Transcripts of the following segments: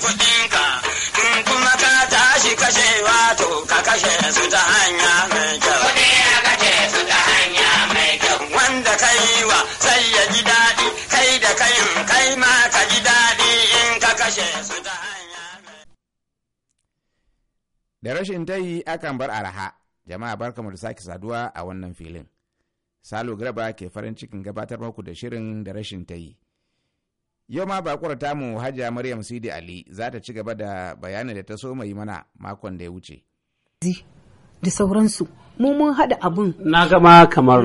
sami in kuma ka tashi kashe wato ka kashe su ta hanya mai kyau. su ta hanya mai kyau. Wanda ka yi wa sai ya ji daɗi kai da kayin kai ma ka ji daɗi in ka kashe su ta hanya mai Da rashin tayi akan bar araha. Jama'a barkamu da sake saduwa a wannan filin. Salo Graba ke farin cikin gabatar muku da shirin da rashin tayi. Yau ma bakwar tamu Hajiya Maryam Sidi Ali za ta ci gaba da bayanin da ta so mai mana makon da ya wuce. Da sauransu, mu mun haɗa abun. Na gama kamar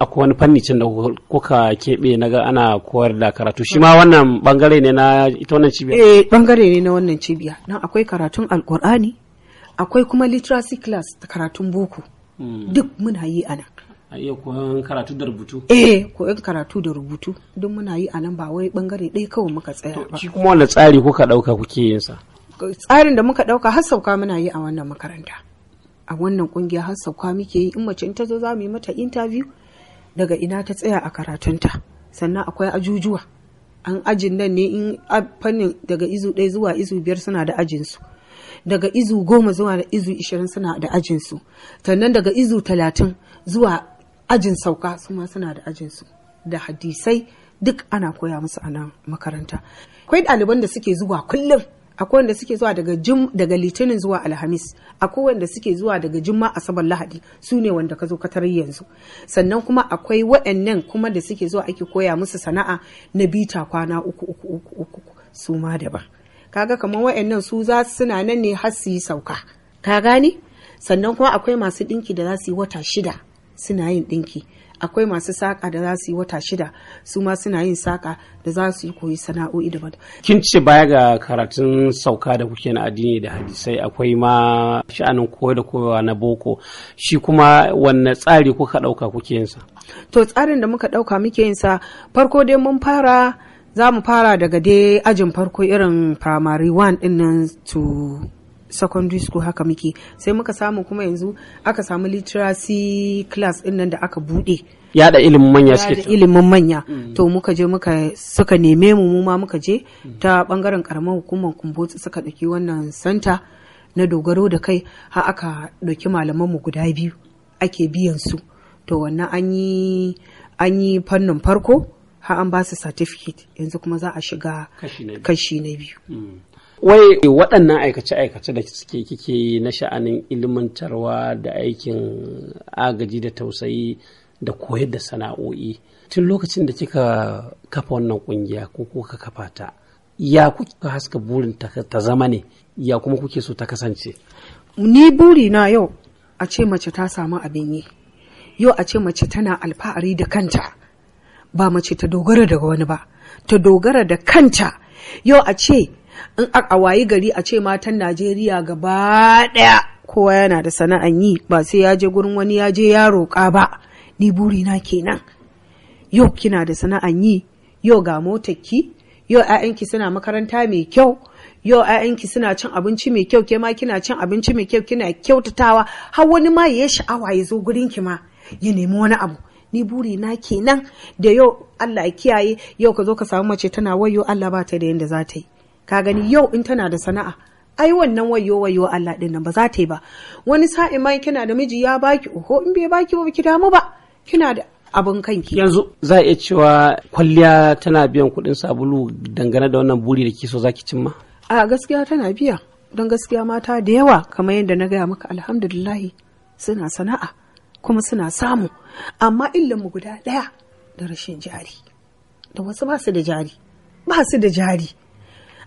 akwai wani fanni can da kuka keɓe na ga ana koyar da karatu. Shi ma wannan bangare ne na ita wannan cibiya? Eh, bangare ne na wannan cibiya. Nan akwai karatun alkur'ani akwai kuma literacy class da karatun boko. Hmm. Duk muna yi a nan. a iya koyon karatu da rubutu eh koyon karatu da rubutu don muna yi a nan ba wai bangare ɗaya kawai muka tsaya ba shi kuma wanda tsari kuka ɗauka kuke yin sa tsarin da muka ɗauka har sauka muna yi a wannan makaranta a wannan kungiya har sauka muke yi in mace in ta zo za mu yi mata interview daga ina ta tsaya a karatunta sannan akwai ajujuwa an ajin nan ne in fannin daga izu ɗaya zuwa izu biyar suna da su daga izu goma zuwa izu ishirin suna da ajinsu sannan daga izu talatin zuwa ajin sauka su ma suna da ajin su da hadisai duk ana koya musu a nan makaranta akwai ɗaliban da suke zuwa kullum akwai wanda suke zuwa daga jim daga litinin zuwa alhamis akwai wanda suke zuwa daga jimma asabar lahadi su ne wanda ka zo ka yanzu sannan kuma akwai waɗannan kuma da suke zuwa ake koya musu sana'a na bita kwana uku uku uku uku su ma daban kaga kamar waɗannan su za su suna nan ne har su yi sauka ka gani sannan kuma akwai masu ɗinki da za su yi wata shida suna yin ɗinki akwai masu saƙa da za su yi wata shida su ma suna yin saƙa da za su yi koyi sana'o'i daban. kin ce baya ga karatun sauka da kuke na addini da hadisai akwai ma sha'anin koyo da koyawa na boko shi kuma wanne tsari kuka ɗauka kuke yinsa. to tsarin da muka ɗauka muke yin farko dai mun fara za mu fara daga dai ajin farko irin primary one ɗin nan to secondary school haka muke sai muka samu kuma yanzu aka samu literacy class din nan da aka bude yada ilimin manya suke yada ilimin manya mm. to muka je muka suka neme mu mu ma muka je mm. ta bangaren karamar hukumar kumbotsi suka dauki wannan santa na dogaro da kai har aka dauki malaman mu guda biyu ake biyan su to wannan an yi an yi fannin farko har an ba su certificate yanzu kuma za a shiga kashi na biyu mm. Wai waɗannan aikace-aikace da suke kike yi na sha'anin ilmantarwa da aikin agaji da tausayi da koyar da sana'o'i. Tun lokacin da kika kafa wannan ƙungiya ko kuka kafa ta, ya kuka haska burin ta zama ne, ya kuma kuke so ta kasance? Ni buri na yau a ce mace ta samu abin yi, yau a ce mace tana alfahari da kanta, ba mace ta dogara daga wani ba, ta dogara da kanta, yau a ce in a wayi gari a ce matan najeriya gaba daya. kowa yana da sana'an yi ba sai ya je gurin wani ya je ya roƙa ba ni burina kenan yau kina da sana'an yi yau ga motarki yau 'ya'yanki suna makaranta mai kyau yau 'ya'yanki suna cin abinci mai kyau ke ma kina cin abinci mai kyau kina kyautatawa har wani ma ya sha'awa ya zo gurin ki ma ya nemi wani abu ni buri na kenan da yau Allah ya kiyaye yau ka zo ka samu mace tana wayo Allah ba ta da yanda za ta yi ka gani yau in tana da sana'a ai wannan wayo wayo Allah din nan ba za ta yi ba wani sa'i ma kina da miji ya baki oho in bai baki ba ki damu ba kina da abin kanki yanzu za iya cewa kwalliya tana biyan kuɗin sabulu dangane da wannan buri da ke so zaki cimma a gaskiya tana biya don gaskiya mata da yawa kamar yadda na gaya maka alhamdulillahi suna sana'a kuma suna samu amma illan mu guda ɗaya da rashin jari da wasu ba su da jari ba su da jari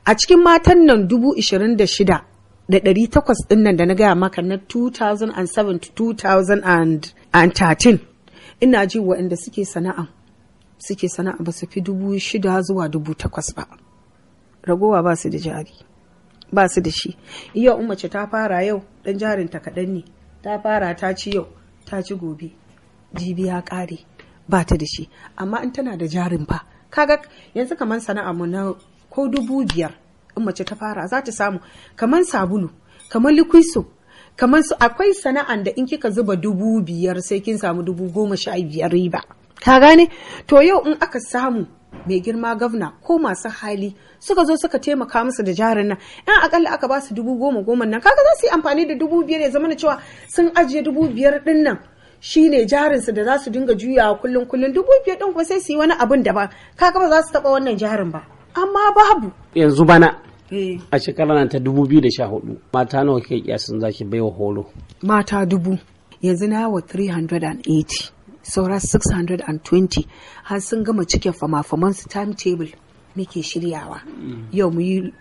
a cikin matan nan dubu ishirin da shida da ɗari takwas ɗin nan da na gaya maka na 2007 to 2013 ina ji waɗanda suke sana'a suke sana'a ba su fi dubu shida zuwa dubu takwas ba ragowa ba su da jari ba su da shi iya umarci ta fara yau ɗan jarinta kaɗan ne ta fara ta ci yau ta ci gobe jibi ya ƙare ba ta da shi amma in tana da jarin fa kaga yanzu kamar sana'a mu na ko dubu biyar in mace ta fara za ta samu kamar sabulu kamar likwiso kamar su akwai sana'an da in kika zuba dubu biyar sai kin samu dubu goma sha biyar riba ka gane to yau in aka samu mai girma gavna ko masu hali suka zo suka taimaka musu da jarin nan yan akalla aka ba su dubu goma goma nan kaga za su yi amfani da dubu biyar ya zama na cewa sun ajiye dubu biyar din nan shine su da za su dinga juyawa kullum kullum dubu biyar din kuma sai su yi wani abun da ba kaga ba za su taba wannan jarin ba amma babu yanzu bana eh. a shekarar nan ta 2014 mata nawa ke kiyasin zaki baiwa horo mata dubu yanzu na yawa 380 saura 620 har sun gama cike fama-faman su timetable muke shiryawa mm. yau mu yi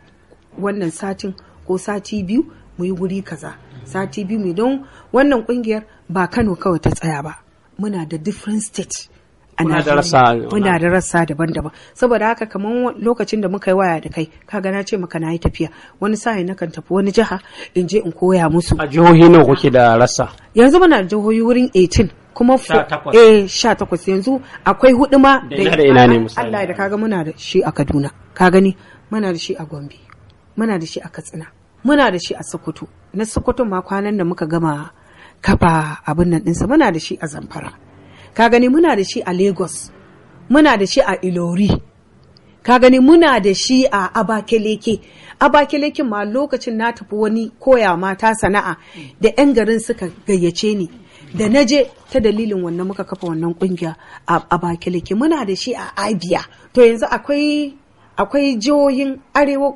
wannan satin ko sati biyu mu yi guri kaza sati biyu mai don wannan kungiyar ba kano kawai ta tsaya ba muna da different state ana da rasa muna da rasa daban-daban saboda haka kamar lokacin da muka yi waya da kai kaga na ce maka na yi tafiya wani sa'in na kan tafi wani jiha in je in koya musu a jihohi nawa kuke da rasa yanzu muna da jihohi wurin 18 kuma eh 18 yanzu akwai hudu ma da ina ne Allah da kaga muna da shi a Kaduna ka gani muna da shi a Gombe muna da shi a Katsina muna da shi a Sokoto na Sokoto ma kwanan da muka gama kafa abin nan dinsa muna da shi a Zamfara ka gani muna da shi a lagos muna da shi a ilori ka gani muna da shi a abakeleke abakeleke ma lokacin na tafi wani koya mata sana'a da 'yan garin suka gayyace ni da na je ta dalilin wannan muka kafa wannan kungiya a abakeleke muna da shi a abia to yanzu akwai akwai jihohin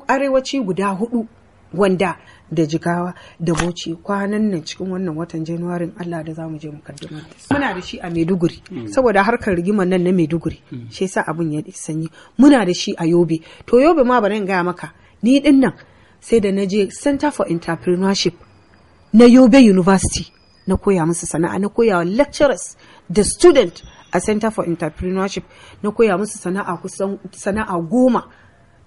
arewaci guda hudu wanda da jigawa da bauchi kwanan nan cikin wannan watan januwarin allah da zamu je mu muna da shi a maiduguri mm. saboda harkar rigimar nan na maiduguri mm. shi yasa abin ya sanyi muna da shi a yobe to yobe ma bari in gaya maka ni din nan sai da na je center for entrepreneurship na yobe university na koya musu sana'a na koya wa lecturers da student a center for entrepreneurship na koya musu sana'a kusan sana'a goma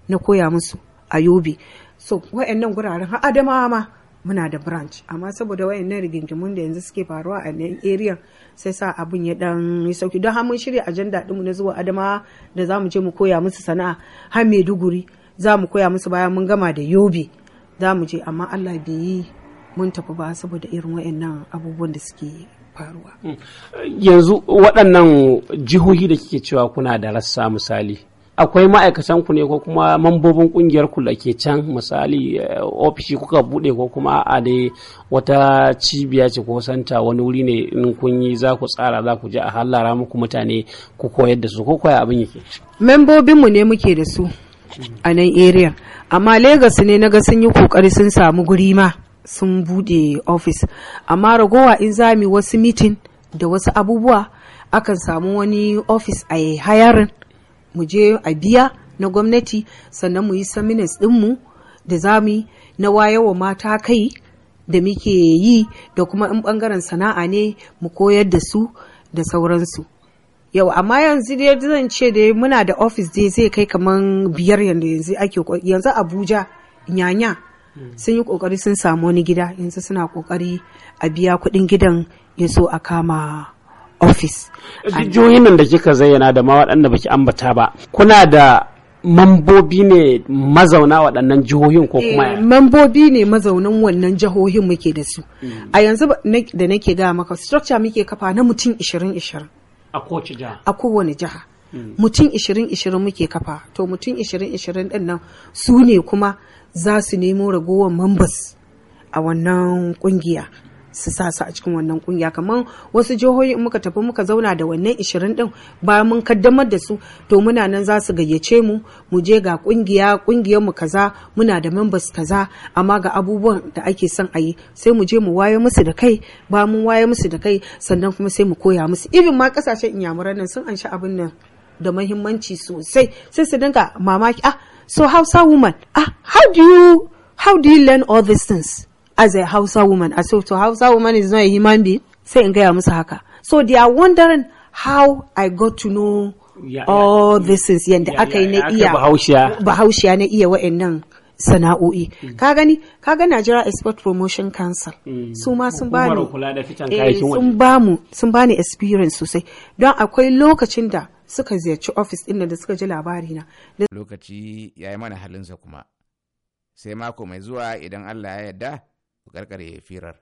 na koya musu a yobe so wayannan guraren har adamawa ma muna da branch amma saboda wayannan rigingimun da yanzu suke faruwa a nan area sai sa abun ya dan yi sauki don har mun shirya ajanda dinmu na zuwa adamawa da za mu je mu koya musu sana'a har maiduguri za mu koya musu bayan mun gama da yobe za mu je amma allah bai yi mun tafi ba saboda irin wayannan abubuwan da suke faruwa hmm. yanzu waɗannan jihohi da kike cewa kuna da rassa misali akwai ma'aikatan ku ne ko kuma mambobin kungiyar ku da ke can misali eh, ofishi kuka bude ko kuma a dai wata cibiya ce ko santa wani wuri ne in kun yi za ku tsara za ku je a hallara muku mutane ku koyar da su ko koya abin yake membobin mu ne muke da su a nan area amma Legas ne na ga sun yi kokari sun samu guri ma sun bude office amma ragowa in za mu wasu mitin da wasu abubuwa akan samu wani office a hayarin mu je a biya na gwamnati sannan mu yi seminars mu da za mu yi na wayewa mata kai da muke yi da kuma in bangaren sana'a ne mu koyar da su da sauransu yau amma yanzu dai zan ce da muna da ofis dai zai kai kamar biyar yanzu ake yanzu abuja nyanya sun yi kokari sun samu wani gida yanzu suna kokari a biya kudin gidan ya so a kama office jihohin nan da kika zayyana da ma waɗanda baki ambata ba kuna da mambobi ne mazauna waɗannan jihohin ko kuma eh, mambobi ne mazaunan wannan jihohin muke da su mm. a yanzu da nake gaya maka structure muke kafa na mutum 20-20 a kowace jiha a wani jiha mm. mutum 20-20 muke kafa to mutum 20-20 ɗin nan su ne kuma za su nemo ragowar members a wannan kungiya su sa su a cikin wannan kungiya kamar wasu jihohi in muka tafi muka zauna da wannan 20 din ba mun kaddamar da su to muna nan za su gayyace mu mu je ga kungiya kungiyar mu kaza muna da members kaza amma ga abubuwan da ake son a yi sai mu je mu waye musu da kai ba mun waye musu da kai sannan kuma sai mu koya musu irin ma kasashen inyamuran nan sun anshi abin nan da mahimmanci sosai sai su dinga mamaki ah so so woman ah how do you how do you learn all these things as a Hausa woman. as said, to Hausa woman is not a human being. Say in Gaya Musahaka. So they are wondering how I got to know yeah, all yeah. this is yanda aka yi na iya bahaushiya na iya wa'annan sana'o'i mm. ka gani ka ga Nigeria Export Promotion Council mm. su ma sun ba eh, sun ba mu sun ba ni experience sosai don akwai lokacin da suka ziyarci office ɗin da suka ji labari na lokaci yayi mana sa kuma sai mako mai zuwa idan Allah ya yarda mu karkare firar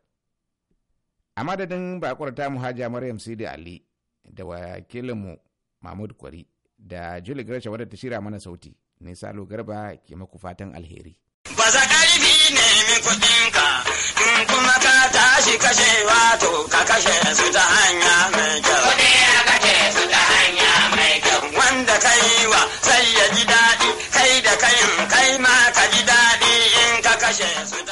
a madadin ta muhaja maryam sidi ali da wakilinmu mahmud kwari da juli garcha wadda ta shira mana sauti ne salo garba ke maku fatan alheri ba za ƙarfi nemi kuɗinka in kuma ka tashi kashe wato ka kashe su ta hanya mai kyau kuɗi ya kashe su ta hanya mai kyau wanda ka yi wa sai ya ji daɗi kai da kayan kai ma ka ji daɗi in ka kashe su